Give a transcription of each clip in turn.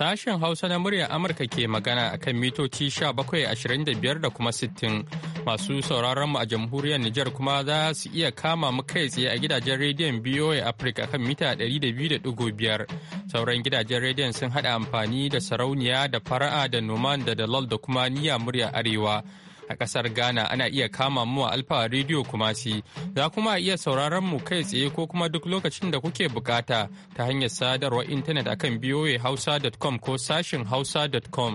Sashen Hausa na muryar Amurka ke magana a kan mitoci 1725 da kuma 60 masu sauraron mu a jamhuriyar Nijar kuma za su iya kama mu kai tsaye a gidajen rediyon BOA Africa kan mita 200.5 sauran gidajen rediyon sun haɗa amfani da sarauniya da fara'a da noman da dalal da kuma niyya murya arewa. a kasar Ghana ana iya kama mu a Alfa Radio Kumasi. Za kuma iya sauraron mu kai tsaye ko kuma duk lokacin da kuke bukata ta hanyar sadarwar intanet akan voahausa.com ko sashin hausa.com.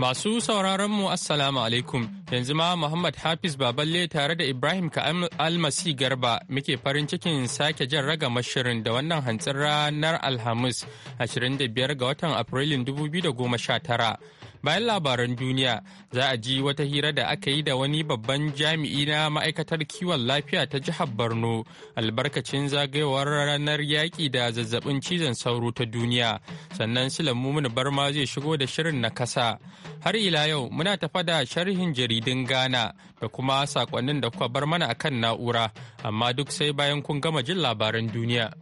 Masu sauraron mu Assalamu alaikum. Yanzu ma Muhammad Hafiz Baballe tare da Ibrahim ka almasi garba muke farin cikin sake jan raga mashirin da wannan hantsin ranar Alhamis 25 ga watan Afrilun 2019. Bayan labaran duniya za a ji wata hira da aka yi da wani babban jami'i na ma'aikatar kiwon lafiya ta jihar Borno albarkacin zagayowar ranar yaƙi da zazzabin cizon sauro ta duniya. Sannan Sulamu Barma zai shigo da shirin na kasa. Har ila yau muna tafa da sharhin jarida idin Ghana da kuma sakonnin da kuka bar mana akan na'ura, amma duk sai bayan kun gama jin labaran duniya.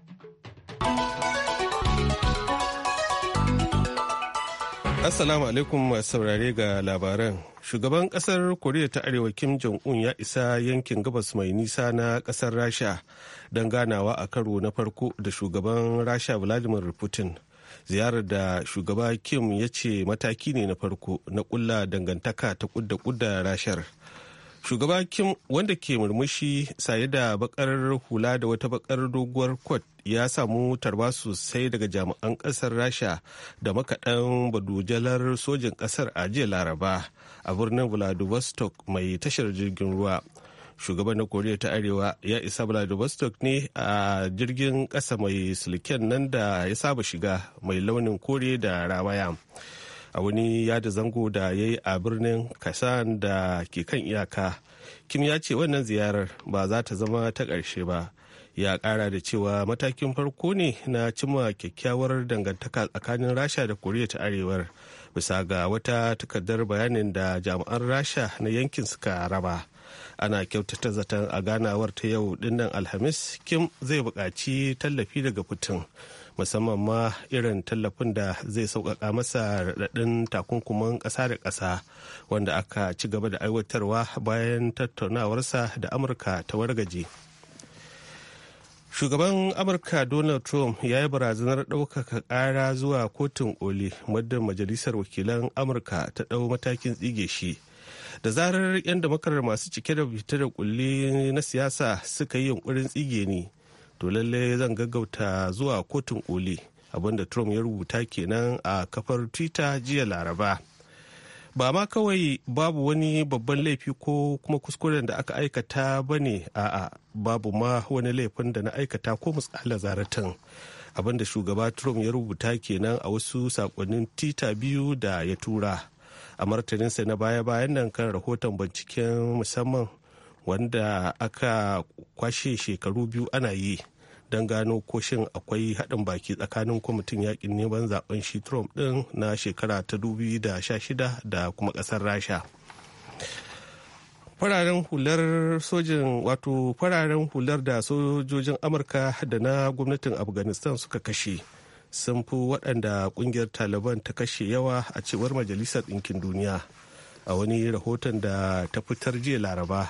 Assalamu alaikum masu saurare ga labaran. Shugaban kasar Koriya ta Arewa Kim Jong-un ya isa yankin gabas mai nisa na kasar Rasha don ganawa a karo na farko da shugaban Rasha Vladimir Putin. ziyarar da shugaba kim ya ce mataki ne na farko na kulla dangantaka ta kudda kudda rashar shugaba kim wanda ke murmushi saye da bakar hula da wata bakar doguwar kwat ya samu tarba sosai daga jami'an kasar rasha da makaɗan badujalar sojin kasar a jiya laraba a birnin vladivostok mai tashar jirgin ruwa shugaban na koriya ta arewa ya isa vladivostok ne a jirgin ƙasa mai silken nan da ya saba shiga mai launin kore da rawaya a wani yada zango da ya yi a birnin kasan da ke kan iyaka kim ya ce wannan ziyarar ba za ta zama ta ƙarshe ba ya kara da cewa matakin farko ne na cimma kyakkyawar dangantaka tsakanin rasha da koriya ta arewar bisa ga wata takardar bayanin da jami'an rasha na yankin suka raba ana kyautata zaton a ganawar ta yau dinnan alhamis kim zai buƙaci tallafi daga putin musamman ma irin tallafin da zai sauƙaƙa masa raɗaɗin takunkuman ƙasa da ƙasa wanda aka ci gaba da aiwatarwa bayan tattaunawarsa da amurka ta wargaje shugaban amurka donald trump ya yi barazanar ɗaukaka ƙara zuwa kotun koli muddin majalisar wakilan amurka ta ɗau matakin tsige shi da zarar 'yan damakarar masu cike da fita da kulle na siyasa suka yi yunkurin tsige ni to lalle zan gaggauta zuwa kotun koli abinda trump ya rubuta kenan a kafar twitter jiya laraba ba ma kawai babu wani babban laifi ko kuma kuskuren da aka aikata ba ne a'a babu ma wani laifin da na aikata ko musala zaratan abinda shugaba trump ya rubuta kenan a wasu sakonnin twitter biyu da ya tura a martaninsa na baya-bayan nan kan rahoton binciken musamman wanda aka kwashe shekaru biyu ana yi don gano ko shin akwai haɗin baki tsakanin kwamitin yakin neman zaben shi trump ɗin na shekara ta 2016 da kuma ƙasar rasha fararen hular sojin wato fararen hular da sojojin amurka da na gwamnatin afghanistan suka kashe sun fi waɗanda ƙungiyar taliban ta kashe yawa a cewar majalisar ɗinkin duniya a wani rahoton da ta fitar jiya laraba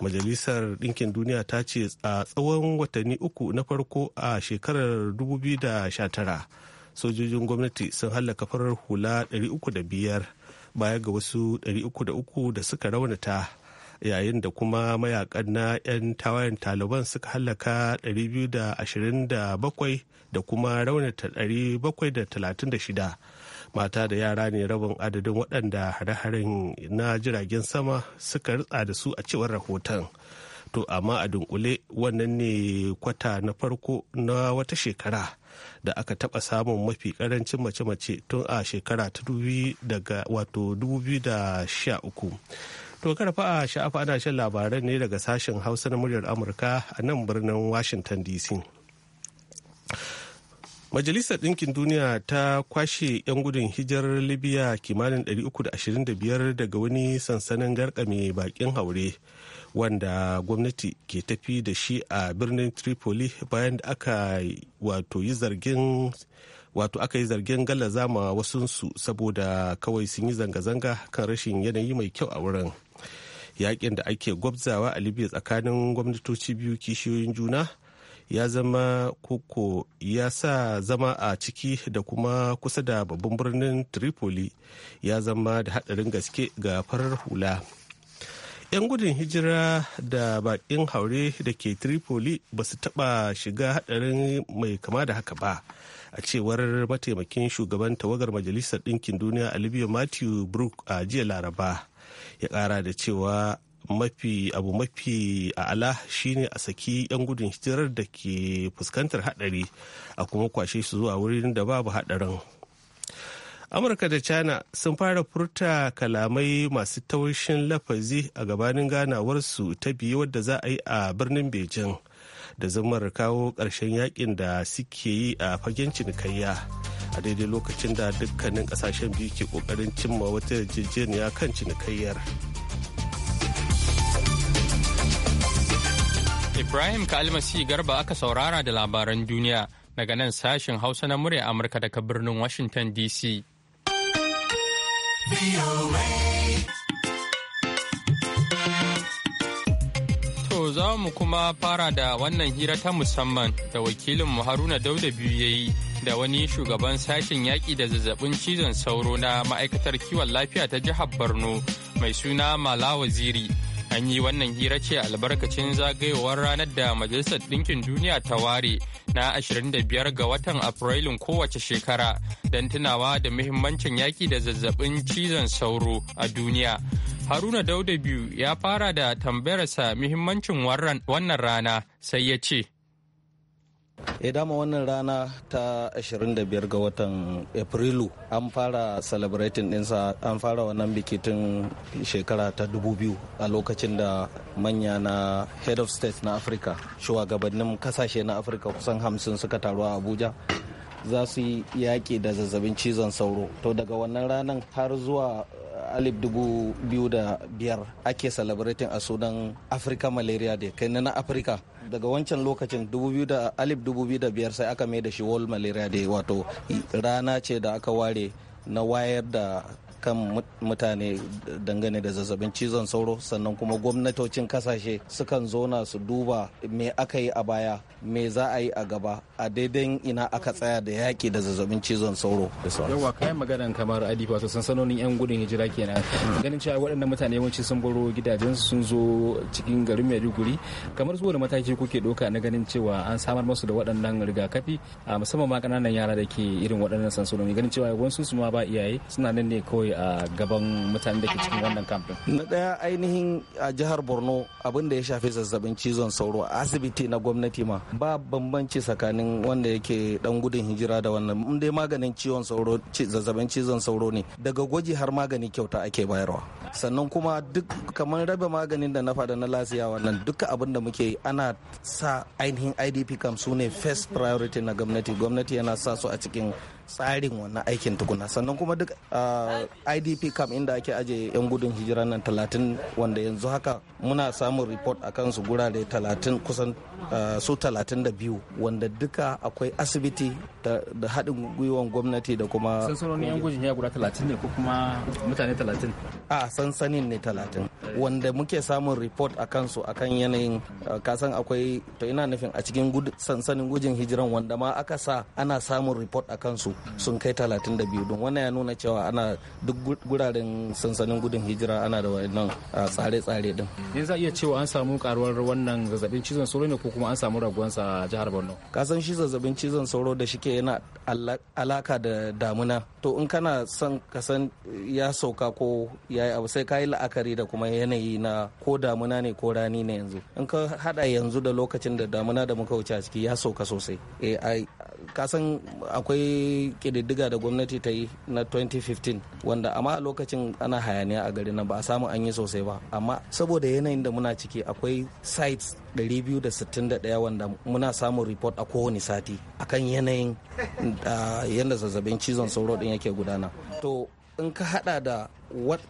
majalisar ɗinkin duniya ta ce a tsawon watanni uku na farko a shekarar 2019 sojojin gwamnati sun hallaka farar hula 305 baya ga wasu 303 da suka raunata yayin da kuma mayakan na 'yan tawayen taliban suka hallaka 227 da kuma raunata 736 mata da yara ne rabin adadin waɗanda hare-haren na jiragen sama suka ritsa da su a cewar rahoton to amma a dunkule wannan ne kwata na farko na wata shekara da aka taɓa samun mafi ƙarancin mace-mace tun a shekara ta daga wato 2013 To karfa a sha'afa ana shan labaran ne daga sashen Hausa na muryar Amurka a nan birnin Washington DC. Majalisar Ɗinkin Duniya ta kwashe 'yan gudun hijirar Libya kimanin 325 daga wani sansanin garkame bakin haure wanda gwamnati ke tafi da shi a birnin Tripoli bayan da aka wato yi zargin wato aka yi zargin gallaza ma wasunsu saboda kawai sun yi zanga-zanga kan rashin yanayi mai kyau a wurin. yakin da ake gwabzawa a libya tsakanin gwamnatoci biyu kishiyoyin juna ya zama koko ya sa zama a ciki da kuma kusa da babban birnin tripoli ya zama da hadarin gaske ga farar hula 'yan gudun hijira da bakin haure da ke tripoli ba su taba shiga hadarin mai kama da haka ba a cewar mataimakin shugaban tawagar majalisar ɗinkin duniya a libya matthew brook a jiya laraba ya kara da cewa mafi abu mafi a'ala shine a saki 'yan gudun hijirar da ke fuskantar hadari a kuma kwashe su zuwa wurin da babu hadarin amurka da china sun fara furta kalamai masu taushin lafazi a gabanin ganawarsu ta biyu wadda za a yi a birnin beijing da zamar kawo ƙarshen yakin da suke yi a fagen cinikayya a daidai lokacin da dukkanin kasashen biyu ke kokarin cimma wata yarjejeniya kan cinikayyar ibrahim kalmasi garba aka saurara da labaran duniya daga nan sashen hausa na murya amurka daga birnin washington dc To za mu kuma fara da wannan hira ta musamman da wakilin Haruna Dauda biyu ya yi da wani shugaban sashen yaƙi da zazzabin cizon sauro na ma'aikatar kiwon lafiya ta jihar borno mai suna mala Waziri. an yi wannan hira ce albarkacin zagayowar ranar da majalisar ɗinkin duniya ta ware na 25 ga watan afrilun kowace shekara don tunawa da muhimmancin yaƙi da zazzabin cizon sauro a duniya haruna dauda biyu ya fara da tambayarsa muhimmancin wannan rana sai ya ce ya eh, dama wannan rana ta 25 ga watan afrilu an fara celebrating dinsa an fara wannan bikitin shekara ta 2000 a lokacin da manya na head of state na afirka shugabannin kasashe na afirka kusan 50 suka taru a abuja za su yi yaƙi da zazzabin cizon sauro to daga wannan ranar har zuwa eh, alif dubu biyu da biyar ake celebrating a sunan africa malaria day kai na afirka daga wancan lokacin alif dubu biyu da biyar sai aka mai da shi world malaria day wato rana ce da aka ware na wayar da kan mutane dangane da zazzabin cizon sauro sannan kuma gwamnatocin kasashe sukan zona su duba me aka yi a baya me za a yi a gaba a daidai ina aka tsaya da yaƙi da zazzabin cizon sauro yawa kayan maganan kamar adi san sansanonin yan gudun hijira kenan ganin cewa waɗannan mutane yawanci sun baro gidajen sun zo cikin garin maiduguri kamar zuwa da mataki kuke ɗauka na ganin cewa an samar musu da waɗannan rigakafi a musamman ma ƙananan yara da ke irin waɗannan sansanoni ganin cewa wasu su ma ba iyaye suna nan ne kawai a gaban mutanen da ke cikin wannan kamfin na daya ainihin a jihar borno abin da ya shafi zazzabin cizon sauro a asibiti na gwamnati ma ba bambanci tsakanin wanda yake dan gudun hijira da wannan in dai maganin ciwon sauro zazzabin cizon sauro ne daga gwaji har magani kyauta ake bayarwa sannan kuma duk kamar raba maganin da na faɗa na lasiya wannan duka abin da muke ana sa ainihin idp kam sune ne first priority na gwamnati gwamnati yana sa su a cikin tsarin wannan aikin tukuna sannan kuma duk ah, idp camp inda ake aje yan gudun hijira nan talatin wanda yanzu haka muna samun report a kansu gurare talatin kusan ah, su talatin da biyu wanda duka akwai asibiti da haɗin gwiwan gwamnati da kuma sansanoni yan gudun hijira guda talatin ne ko kuma mutane talatin a sansanin ne talatin wanda muke samun report a kansu akan yanayin ah, kasan akwai to ina nufin a cikin sansanin gudun hijiran wanda ma aka sa ana samun report a kansu sun kai 32 don wannan ya nuna cewa ana duk guraren sansanin gudun hijira ana da wannan tsare-tsare din yanzu za iya cewa an samu karuwar wannan zazzabin cizon sauro ne ko kuma an samu raguwansa a jihar borno ka san shi zazzabin cizon sauro da shike yana alaka da damuna to in kana son ka san ya sauka ko ya yi abu sai ka yi la'akari da kuma yanayi na ko damuna ne ko rani ne yanzu in ka hada yanzu da lokacin da damuna da muka wuce a ciki ya sauka sosai eh, kasan akwai ƙididdiga da gwamnati ta yi na 2015 wanda amma a lokacin ana hayaniya a garin nan ba a samu an yi sosai ba amma saboda yanayin da muna ciki akwai sites 261 wanda muna samun report a kowane sati akan yanayin ah, yadda zazzabin cizon sauro din yake gudana to in ka hada da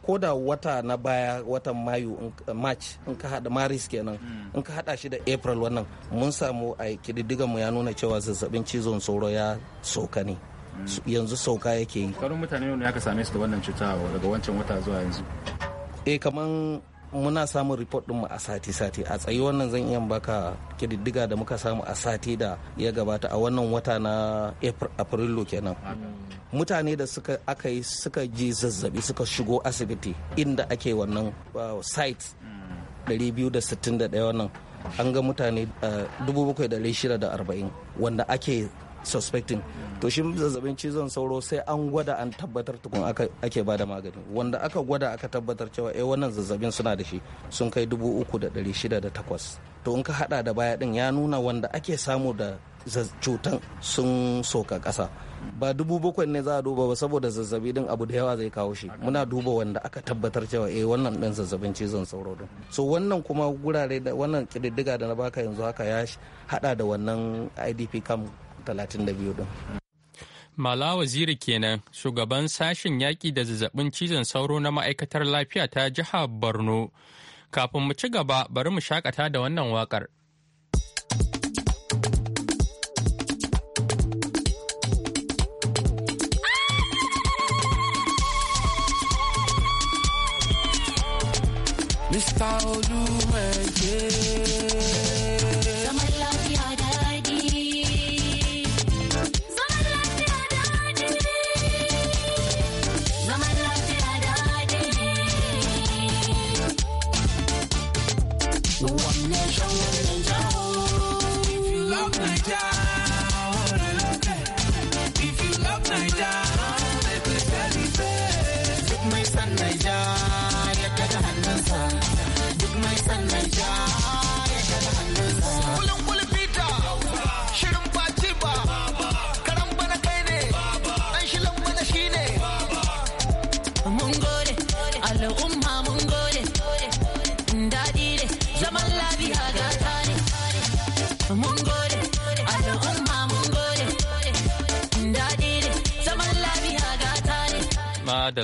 ko da wata na baya watan mayu eh, march in ka hada maris kenan hmm. in ka hada shi da april wannan mun samu a kididdigan mu ya nuna cewa zazzabin cizon sauro ya sauka ne hmm. yanzu sauka yake yi karin mutane ne aka same su da wannan cuta daga wancan wata zuwa yanzu eh kaman muna samun report mu a sati-sati a tsayi wannan zan iya baka kididdiga da muka samu a sati da ya gabata a wannan wata na afrilu kenan mutane da suka aka yi suka ji zazzabi suka shigo asibiti inda ake wannan uh, site 261 wannan an ga mutane 7,640 uh, wanda ake suspecting to shi zazzabin cizon sauro sai an gwada an tabbatar tukun ake bada magani wanda aka gwada aka tabbatar cewa eh wannan zazzabin suna da shi sun kai dubu uku da dari shida da takwas to in ka hada da baya din ya nuna wanda ake samu da cutan sun soka kasa ba dubu bakwai ne za a duba ba saboda zazzabi din abu da yawa zai kawo shi muna duba wanda aka tabbatar cewa eh wannan din zazzabin cizon sauro din so wannan kuma gurare da wannan kididdiga da na baka yanzu haka ya hada da wannan idp kam mala waziri kenan shugaban sashen yaƙi da zazzabin cizon sauro na ma'aikatar lafiya ta jihar Borno. Kafin mu ci gaba bari mu shakata da wannan waƙar. Mr. Oluwaje.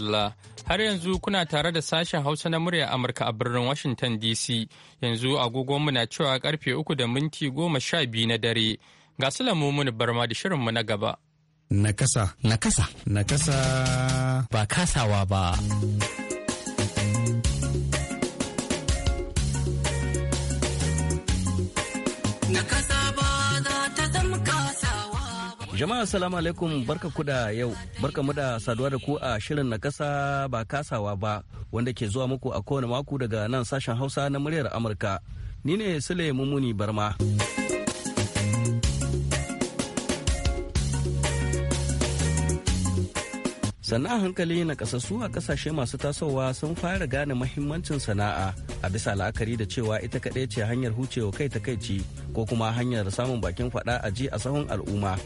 Dalla. har yanzu kuna tare da sashen hausa na murya amurka a birnin washington dc yanzu agogonmu na cewa karfe uku da minti goma sha biyu na dare ga su muni barma da shirinmu na gaba nakasa nakasa nakasa ba kasawa ba Jama'a salamu alaikum barka ku da yau barka mu da saduwa da ku a shirin na kasa ba kasawa ba wanda ke zuwa muku a kowane mako daga nan sashen Hausa na muryar Amurka. Ni ne Sule Mumuni Barma. sana'a hankali na kasassu a kasashe masu tasowa sun fara gane mahimmancin sana'a a bisa la'akari da cewa ita kaɗai ce hanyar hucewa kai ta kai ci ko kuma hanyar samun bakin faɗa a ji a sahun al'umma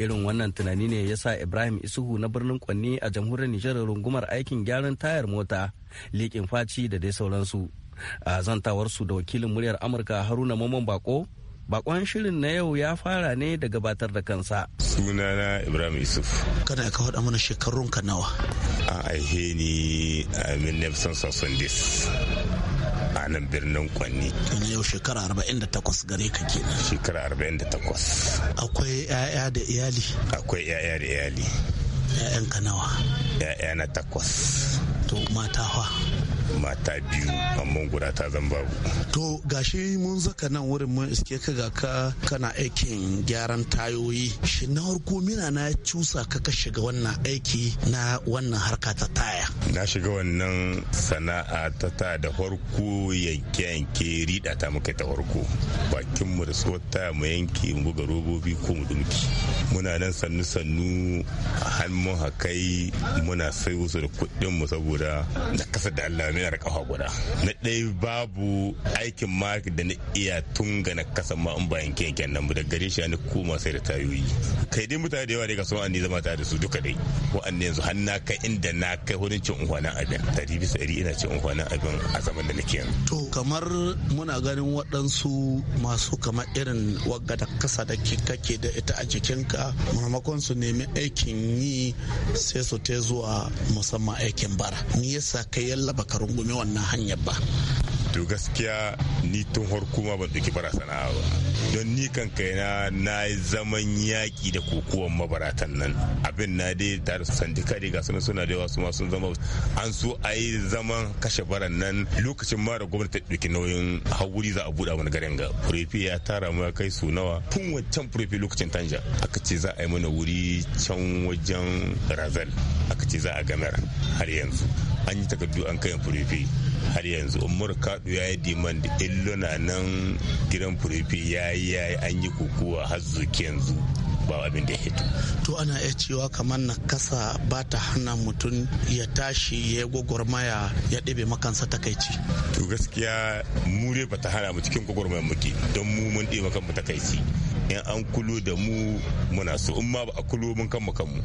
irin wannan tunani ne ya sa ibrahim isuhu na birnin kwanni a jamhuriyar nijar rungumar aikin gyaran tayar mota liƙin faci da dai sauransu a zantawarsu da wakilin muryar amurka haruna maman bako bakon shirin na yau ya fara ne da gabatar da kansa. Sunana Ibrahim Yusuf. Kada ka faɗa mana shekarun ka nawa. a aihe ni a a nan birnin kwanni yau shekara 48 gare ka kenan shekara 48 akwai 'ya'ya da iyali akwai 'ya'ya da iyali ka nawa 'ya'ya na takwas to mata fa mata biyu amma guda ta zan babu to gashi mun zaka nan wurin mun iske ka ga ka kana aikin gyaran tayoyi shi na farko mina na cusa ka ka shiga wannan aiki na wannan harka ta taya na shiga wannan sana'a ta ta da farko yanke yanke rida ta muka ta farko bakin mu da tsohon taya mu yanke mu buga robobi ko mu dumki muna nan sannu sannu a hannun hakai muna sai wasu da kuɗin mu saboda da kasa da Allah ne ina da kafa guda na ɗaya babu aikin mark da na iya tunga na kasan ma in bayan kenken nan da gare shi ne koma sai da tayoyi kai dai mutane da yawa da kasuwa ne zama tare da su duka dai wa'anne yanzu har na kai inda na kai wurin cin unhwanin abin dari bisa ɗari ina cin unhwanin abin a zaman da nake yanzu. to kamar muna ganin waɗansu masu kamar irin wagga da kasa da take da ita a jikinka maimakon su nemi aikin yi sai su te zuwa musamman aikin bara ni yasa kai yallaba karo rungume wannan hanyar ba to gaskiya ni tun harkuma ban ɗauki bara sana'a ba don ni kan kai na zaman yaki da kokowar mabaratan nan abin na dai da sandika ga suna suna da wasu masu zama an so a yi zaman kashe baran nan lokacin ma da gwamnati ta ɗauki nauyin hauri za a buɗa mana garin ga furefi ya tara mu ya kai su nawa tun wancan furefe lokacin tanja aka ce za a yi mana wuri can wajen razal aka ce za a gamar har yanzu an yi takardu an kai furefe har yanzu umar kadu ya yi da illuna nan gidan furifi ya yi an yi kukuwa har yanzu ba abin da hito to ana iya cewa kamar na kasa ba ta hana mutum ya tashi ya gwagwarmaya ya ɗebe makansa takaici to gaskiya mu ne ba ta hana mu cikin gwagwarmayar muke don mu mun ɗebe kanmu takaici in an kulo da mu muna so in ma ba a kulo mun kanmu kanmu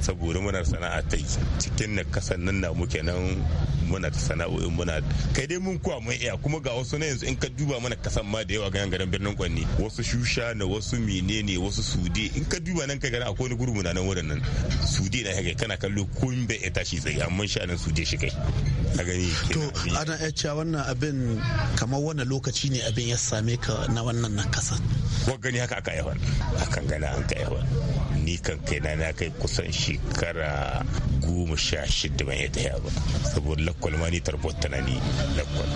saboda muna sana'a ta yi cikin na kasan nan na muke nan muna ta sana'o'in muna kai dai mun kuwa mun iya kuma ga wasu na yanzu in ka duba mana kasan ma da yawa yan garin birnin kwanni wasu shusha na wasu menene wasu sude in ka duba nan ka gani akwai wani gurbin nan wurin nan sude na kai kana kallo ko in bai ya shi tsaye amma shi anan sude shi kai a gani to ana iya cewa wannan abin kamar wannan lokaci ne abin ya same ka na wannan na kasa wa gani haka aka yawa akan gana an ka yawa ni kan kai na na kai kusan shekara goma sha shida ban yadda ya ba saboda lakwal ma ni tarbot tana ni lakwal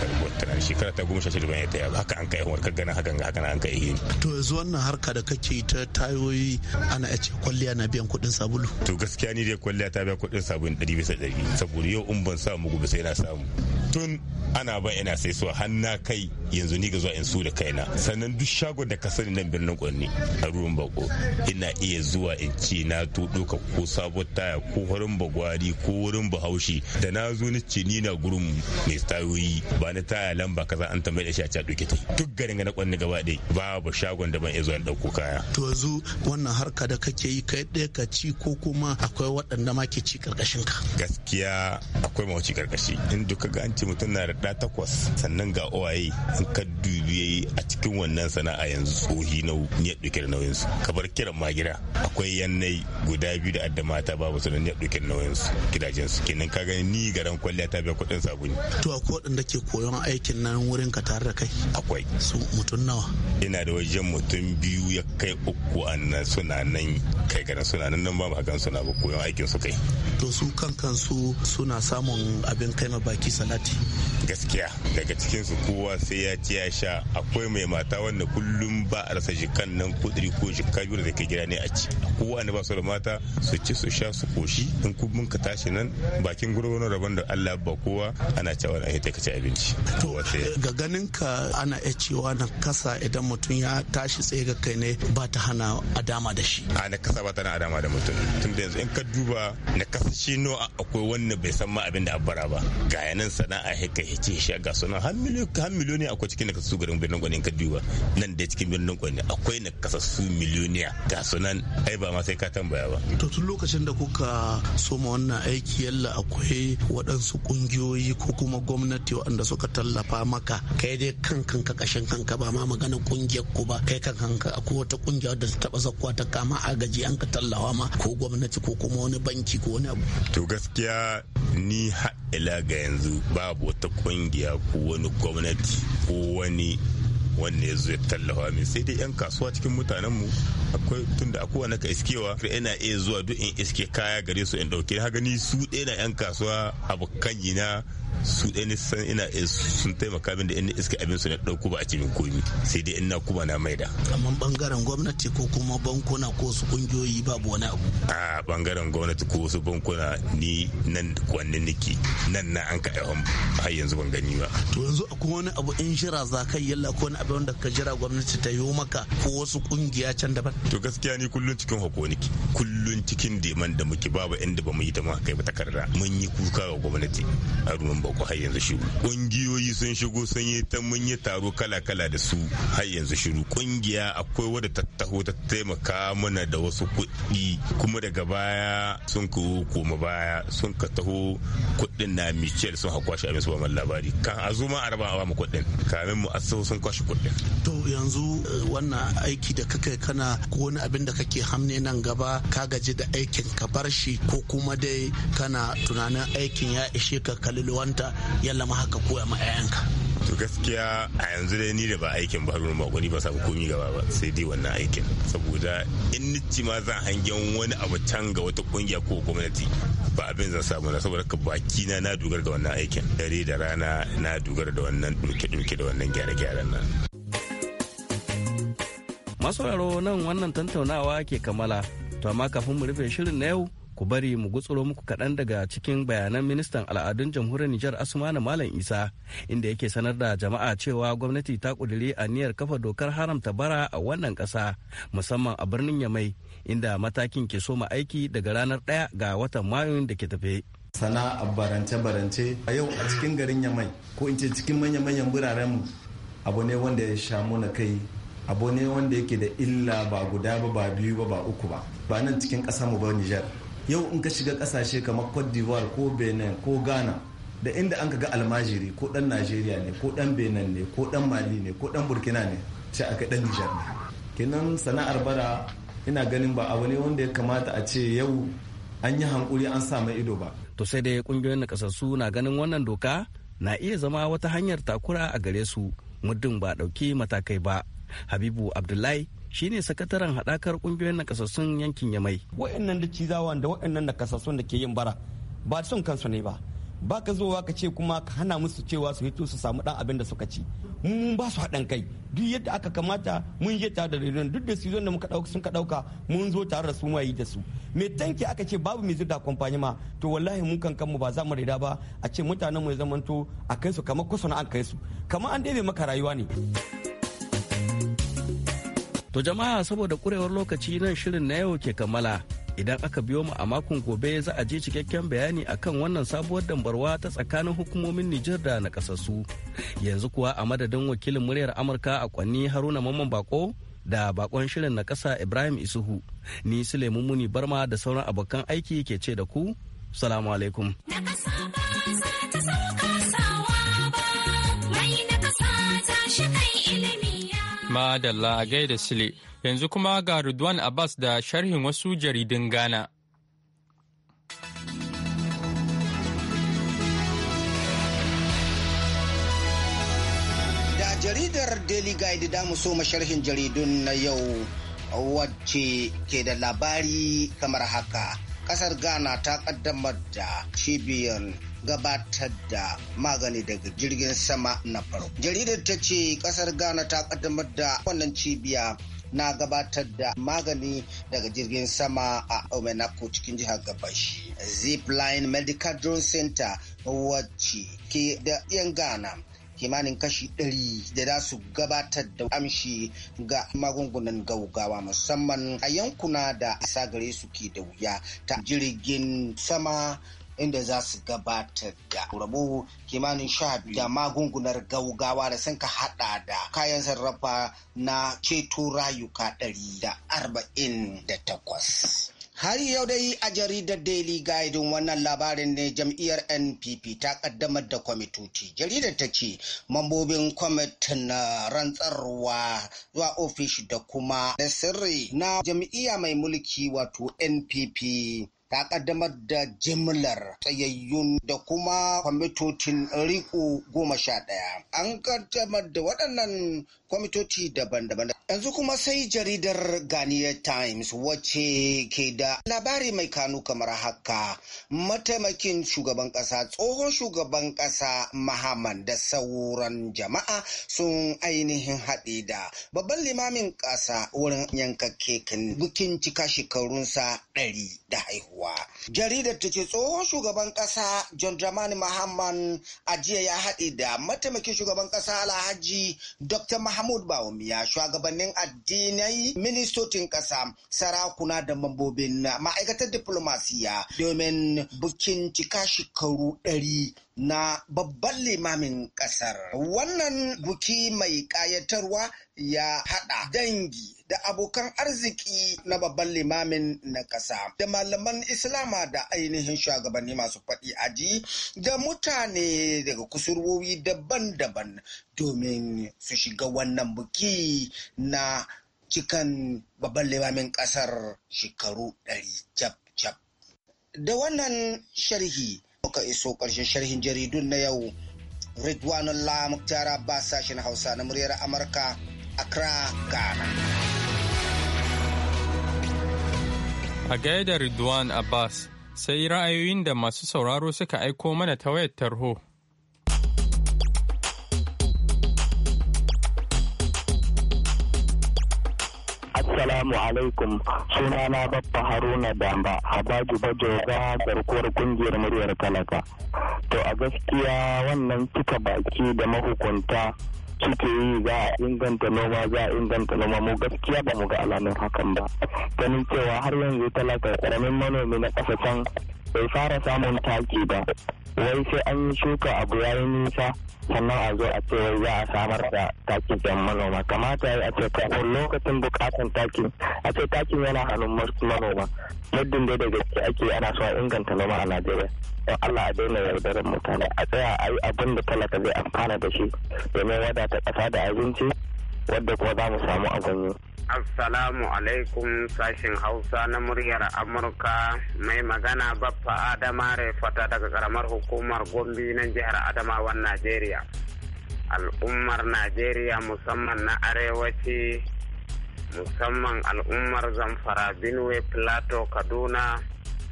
tarbot tana ni shekara ta goma sha shida ban yadda ya ba haka an kai warkar ganin hakan na an kai yi to yanzu wannan harka da kake ta tayoyi ana ce kwalliya na biyan kuɗin sabulu to gaskiya ni dai kwalliya ta biya kuɗin sabulu ɗari bisa ɗari saboda yau in ban samu gobe sai na samu tun ana ba ina sai suwa hanna kai yanzu ni ga zuwa in su da kaina sannan duk shagon da ka sani nan birnin kwanni a ruwan bako ina iya zuwa in ce na to ɗauka ko sabuwar taya ko wurin bagwari ko wurin bahaushe da na zo ni ce ni na gurin mai tsayoyi ba na taya lamba kaza an tambaye shi a ca ta duk garin na kwanni gaba ba babu shagon da ban iya zuwa ɗauko kaya. to yanzu wannan harka da kake yi kai ɗaya ka ci ko kuma akwai waɗanda ma ke ci karkashin ka. gaskiya akwai mawuci karkashi in duka ga an ce mutum na da takwas sannan ga owaye in ka dubiye a cikin wannan sana'a yanzu tsohi na ya ɗauke da nauyinsu kabar kiran ma gida akwai yannai guda biyu da adda mata babu su da dukkan nauyin su gidajen su kenan ka gani ni garan kwalliya ta biya kuɗin sabuni. To akwai wadanda ke koyon aikin nan wurin ka tare da kai? Akwai. Su mutum nawa? Ina da wajen mutum biyu ya kai uku a nan suna nan kai garan suna nan nan ba ma gan suna ba koyon aikin su kai. To su kan kansu suna samun abin kai ma baki salati. Gaskiya daga cikin su kowa sai ya ci ya sha akwai mai mata wanda kullum ba a rasa jikan nan kudiri ko jikka biyu da ke gida ne a ci. Kowa ne ba su da mata su ci su sha su koshi abinci in mun ka tashi nan bakin gurgunan rabon da Allah ba kowa ana cewa na ta ci abinci. To ga ganin ka ana iya cewa na kasa idan mutum ya tashi tsaye ga kai ne ba ta hana a dama da shi. A na kasa ba ta hana a da mutum. Tun da yanzu in ka duba na kasa shi no akwai wanda bai san ma abin da abbara ba. Ga yanan sana'a hika hice shi ga sunan har miliyoni akwai cikin kasa su garin birnin gwanin ka duba nan da cikin birnin gwanin akwai na kasa su miliyoniya ga sunan ai ba ma sai ka tambaya ba. To tun lokacin da kuka soma wannan aiki yalla akwai waɗansu ƙungiyoyi ko kuma gwamnati waɗanda suka tallafa maka kai dai kan kanka ƙashin kanka ba ma magana ƙungiyar ku ba kai kan kanka akwai wata ƙungiya da ta taɓa zakkuwa ta kama agaji an ka tallawa ma ko gwamnati ko kuma wani banki ko wani abu. to gaskiya ni ila ga yanzu babu wata ƙungiya ko wani gwamnati ko wani wanne ya zo ya tallafa min sai dai yan kasuwa cikin mutanen mu akwai tunda akwai wani ka iskewa ina iya zuwa duk in iske kaya gare su in dauke haka ni su ɗaya na yan kasuwa abokan na su ɗaya ne san ina eh, sun taimaka min da ina iska abin su na ɗauku ba a cikin min komi sai dai ina kuma na maida. amma bangaren gwamnati ko kuma bankuna ko su kungiyoyi babu wani abu. a bangaren gwamnati ko su bankuna ni nan kwanne niki nan na an kaɗa yawan har yanzu ban gani ba. to yanzu akwai wani abu in jira za ka yalla ko wani abu da ka jira gwamnati ta yo maka ko wasu kungiya can daban. to gaskiya ni kullum cikin hako niki kullun cikin deman da muke babu inda ba mu yi ta ma kai ba takarda mun yi kuka ga gwamnati a ruwan uku har yanzu shiru Kungiyoyi sun shigo sun yi ta mun yi taro kala-kala da su har yanzu shiru Kungiya akwai wadda ta taho ta taimaka mana da wasu kuɗi kuma daga baya sun ku koma baya sun ka taho kuɗin na michel sun hakwa shi a su ba labari kan a zo ma a raba a bamu kuɗin kamin mu asaho sun kwashe kuɗin. to yanzu eh, wannan aiki da kake kana ko wani abin da kake hamne nan gaba ka gaji da aikin ka bar shi ko kuma dai kana tunanin aikin ya ishe ka kalilwanta yalla ma haka koya ma 'ya'yanka to gaskiya a yanzu dai ni da ba aikin ba ba ni ba samu komi gaba ba sai dai wannan aikin saboda in nici ma zan hangen wani abu can ga wata kungiya ko gwamnati ba abin zan samu na saboda ka baki na na dogara da wannan aikin dare da rana na dogara da wannan duke-duke da wannan gyare gyaran nan masauraro nan wannan tantaunawa ke kammala to amma kafin mu rufe shirin na yau ku bari mu gutsuro muku kaɗan daga cikin bayanan ministan al'adun jamhuriyar Nijar Asmanu Malam Isa inda yake sanar da jama'a cewa gwamnati ta a niyyar kafa dokar haramta bara a wannan ƙasa musamman a birnin Yamai inda matakin ke soma aiki daga ranar ɗaya ga watan Mayun da ke tafe. Sana'a barance-barance a yau a cikin garin Yamai ko in ce cikin manya-manyan biranen mu abu ne wanda ya sha na kai abu ne wanda yake da illa ba guda ba ba biyu ba ba uku ba ba nan cikin ƙasa mu ba Nijar yau in ka shiga kasashe kamar cote d'ivoire ko benin ko ghana da inda an ga almajiri ko dan najeriya ne ko dan benin ne ko dan mali ne ko dan burkina ne ce aka dan nijar ne kenan sana'ar bara ina ganin ba abu ne wanda ya kamata a ce yau an yi hankuri an samu ido ba to sai dai kungiyoyin nakasassu na ganin wannan doka na iya zama wata hanyar takura a gare su muddin ba dauki matakai ba habibu abdullahi shine sakataren haɗakar ƙungiyoyin nakasassun yankin Yamai. Wa'annan da cizawan da wa'annan nakasassun da ke yin bara ba son kansu ne ba. Ba ka zowa ka ce kuma ka hana musu cewa su hito su samu ɗan abin da suka ci. Mun ba su haɗin kai duk yadda aka kamata mun je tare da rediyon duk da sizon da muka ɗauka sun ka ɗauka mun zo tare da su mai da su. Me tanki aka ce babu mai zirga kwamfani ma to wallahi mun kan kanmu ba za mu reda ba a ce mutanen mu ya zamanto a kai su kamar kusa na an kai su kamar an daidai maka rayuwa ne. To jama'a saboda kurewar lokaci nan shirin na yau ke kammala. Idan aka biyo mu a makon gobe za a je cikakken bayani akan wannan sabuwar dambarwa ta tsakanin hukumomin Nijar da na kasassu. Yanzu kuwa a madadin wakilin muryar Amurka a kwanni Haruna Mamman Bako da bakon shirin na kasa Ibrahim Isuhu. Ni Suleiman Muni Barma da sauran abokan aiki ke ce da ku. Salamu alaikum. dalla a gaida Sile, yanzu kuma ga Ridwan Abbas da sharhin wasu jaridun Gana. Da jaridar Daily Guide da mu so sharhin jaridun na yau wacce ke da labari kamar haka. kasar ghana ta kaddamar da cibiyar gabatar da magani daga jirgin sama na farko jaridar ta ce kasar ghana ta kaddamar da wannan cibiya na gabatar da magani daga jirgin sama a omenako cikin jihar gabashi zipline medical drone center wacce ke da yan ghana kimanin kashi ɗari da za su gabatar da amshi ga magungunan gaugawa musamman a yankuna da asa gare su ke da wuya ta jirgin sama inda za su gabatar da rabo kimanin sha da magungunar gaugawa da sun ka hada da kayan sarrafa na ceto rayuka ɗari da arba'in da takwas. Har yau dai a jaridar Daily Guide wannan labarin ne jam'iyyar NPP ta kaddamar da kwamitoci. Jaridar ta ce mambobin kwamitin na rantsarwa zuwa ofishi da kuma da sirri na jam'iyya mai mulki wato NPP ta kaddamar da jimlar tsayayyun da kuma kwamitocin riko goma sha ɗaya. An kaddamar da waɗannan kwamitoci daban-daban. Yanzu kuma sai jaridar Ghanaian Times wacce ke da labari mai kanu kamar haka mataimakin shugaban ƙasa tsohon shugaban ƙasa Mahaman da sauran jama'a sun ainihin haɗe da babban limamin ƙasa wurin yankakke bikin cika shekarunsa ɗari da haihu. kuwa. Jaridar ta ke tsohon shugaban kasa John Dramani Mahamman a jiya ya haɗe da mataimakin shugaban kasa Alhaji Dr. Mahmud Bawumiya shugabannin addinai ministocin Kasa, sarakuna da mambobin ma'aikatar diplomasiya domin bukin cika shekaru ɗari na babban limamin kasar. Wannan buki mai ƙayatarwa ya haɗa dangi da abokan arziki na babban limamin na ƙasa da malaman islama da ainihin shugabanni masu faɗi aji da mutane daga kusurwowi daban-daban domin su shiga wannan buki na cikan babban limamin ƙasar shekaru ɗari cap-cap. Da wannan sharhi muka iso ƙarshen sharhin jaridun na yau Ridwanullah muktara ba sashen Hausa na muryar Amurka. Accra, Ghana. A gaida Ridwan Abbas sai ra'ayoyin da masu sauraro suka aiko mana ta wayar tarho. Assalamu alaikum na babba Haruna Damba baje Bajoga garkuwar kungiyar muryar talaka. To a gaskiya wannan cika baki da mahukunta kike yi za a inganta noma za a inganta noma mu gaskiya ba mu ga alamun hakan ba ganin cewa har yanzu talaka karamin manomi na ƙasa can bai fara samun taki ba wai sai an yi shuka abu ya misa nisa sannan a zo a ce wai za a samar da takin da manoma kamata ya ce kafin lokacin bukatan takin a ce takin yana hannun manoma muddin dai da gaske ake ana so a inganta noma a najeriya don allah a daina yaudarar mutane a tsaya a yi abin da talaka zai amfana da shi domin wadata kasa da abinci wadda kuma za mu samu abin yi Assalamu alaikum sashen Hausa na muryar Amurka mai magana Baffa Adama Refata daga karamar hukumar Gombe na jihar Adamawan Najeriya. Al'ummar Najeriya musamman na arewaci musamman al'ummar Zamfara Benue Plateau Kaduna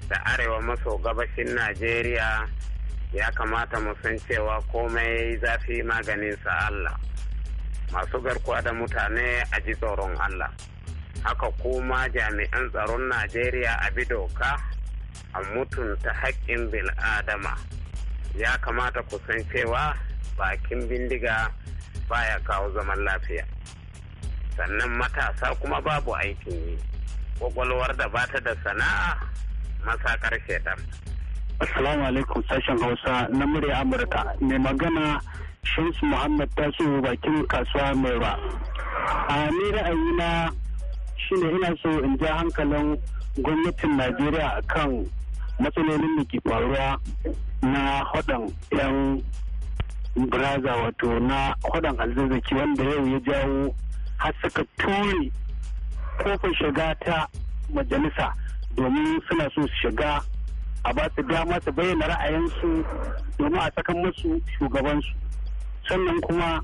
da arewa maso gabashin Najeriya ya kamata mu san cewa komai zafi maganin sa Allah. masu garkuwa da mutane a ji tsoron Allah. Haka kuma jami'an tsaron Najeriya a bi doka a mutunta haƙƙin bil'adama. Ya kamata ku san cewa bakin bindiga baya kawo zaman lafiya. Sannan matasa kuma babu aikin yi. Kwakwalwar da ba ta da sana'a ƙarshe ta. Assalamu alaikum sashen Hausa na murya Amurka mai magana shamsu muhammad taso bakin kasuwa mai ba a ni ra'ayi na shine ina so in ja hankalin gwamnatin najeriya akan matsalolin da ke faruwa na haɗin 'yan braza wato na haɗin alzazzaki wanda yau ya jawo har suka ture kofar shiga ta majalisa domin suna so su shiga a ba su dama su bayyana ra'ayinsu domin a sakan musu shugabansu sannan kuma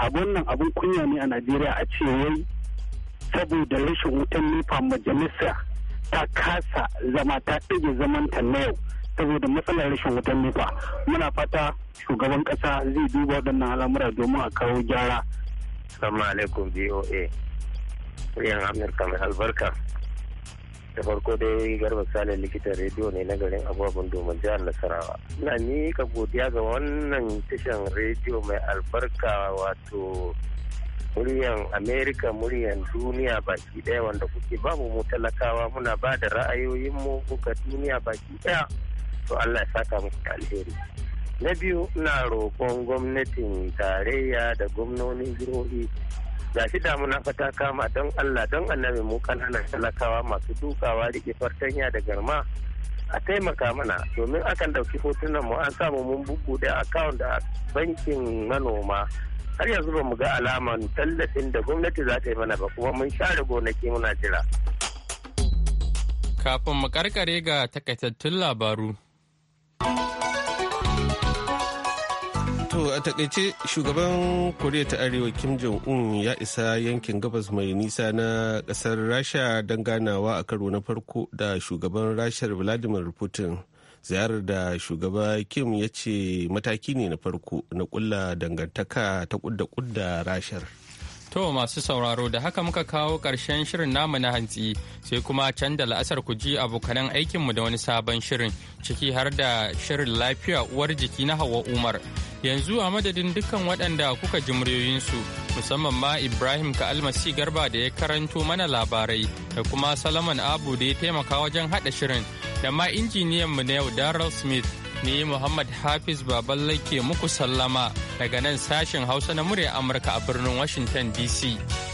abun nan abun kunya ne a najeriya a ce wai saboda rashin wutan nufa majalisa ta kasa zama ta ɗage zamanta na yau saboda matsalar rashin wutan nufa muna fata shugaban ƙasa zai duba waɗannan al'amura domin a kawo gyara. Assalamu alaikum BOA. Yan Amurka mai albarka. da farko dai garba sale likitan rediyo ne na garin abubuwan domin jihar nasarawa na ka godiya ga wannan tashan rediyo mai albarka wato muryan amerika muryan duniya baki daya wanda kuke babu mu talakawa muna ba da ra'ayoyinmu kuka duniya baki daya to allah ya saka muku alheri na biyu na roƙon gwamnatin tarayya da gwamnonin jihohi ga shi damuna fata kama don Allah don annabi mu kananan talakawa masu dukawa rike fartanya da garma a taimaka mana domin akan dauki hotunan mu an samu mun bugu da account a bankin manoma har yanzu ba mu ga alaman tallafin da gwamnati za ta yi mana ba kuma mun share gonaki muna jira. Kafin mu karkare ga takaitattun labaru. To a takaice shugaban Koriya ta Arewa Kim Jong-un ya isa yankin gabas mai nisa na kasar Rasha don ganawa a karo na farko da shugaban Rashar Vladimir Putin. Ziyarar da shugaba Kim ya ce mataki ne na farko na kulla dangantaka ta kudda kudda Rashar. To masu sauraro da haka muka kawo ƙarshen shirin namu na hantsi sai kuma can da la'asar ku ji abokanan aikinmu da wani sabon shirin ciki har da shirin lafiya uwar jiki na Hawa Umar. Yanzu a madadin dukkan waɗanda kuka ji muryoyinsu musamman ma Ibrahim ka almasi garba da ya karanto mana labarai da kuma Salaman Abu da ya taimaka wajen haɗa shirin da ma injiniyanmu na yau Darrell Smith. ni Muhammad Hafiz Baballe ke muku sallama daga nan sashen Hausa na murya Amurka a birnin Washington DC.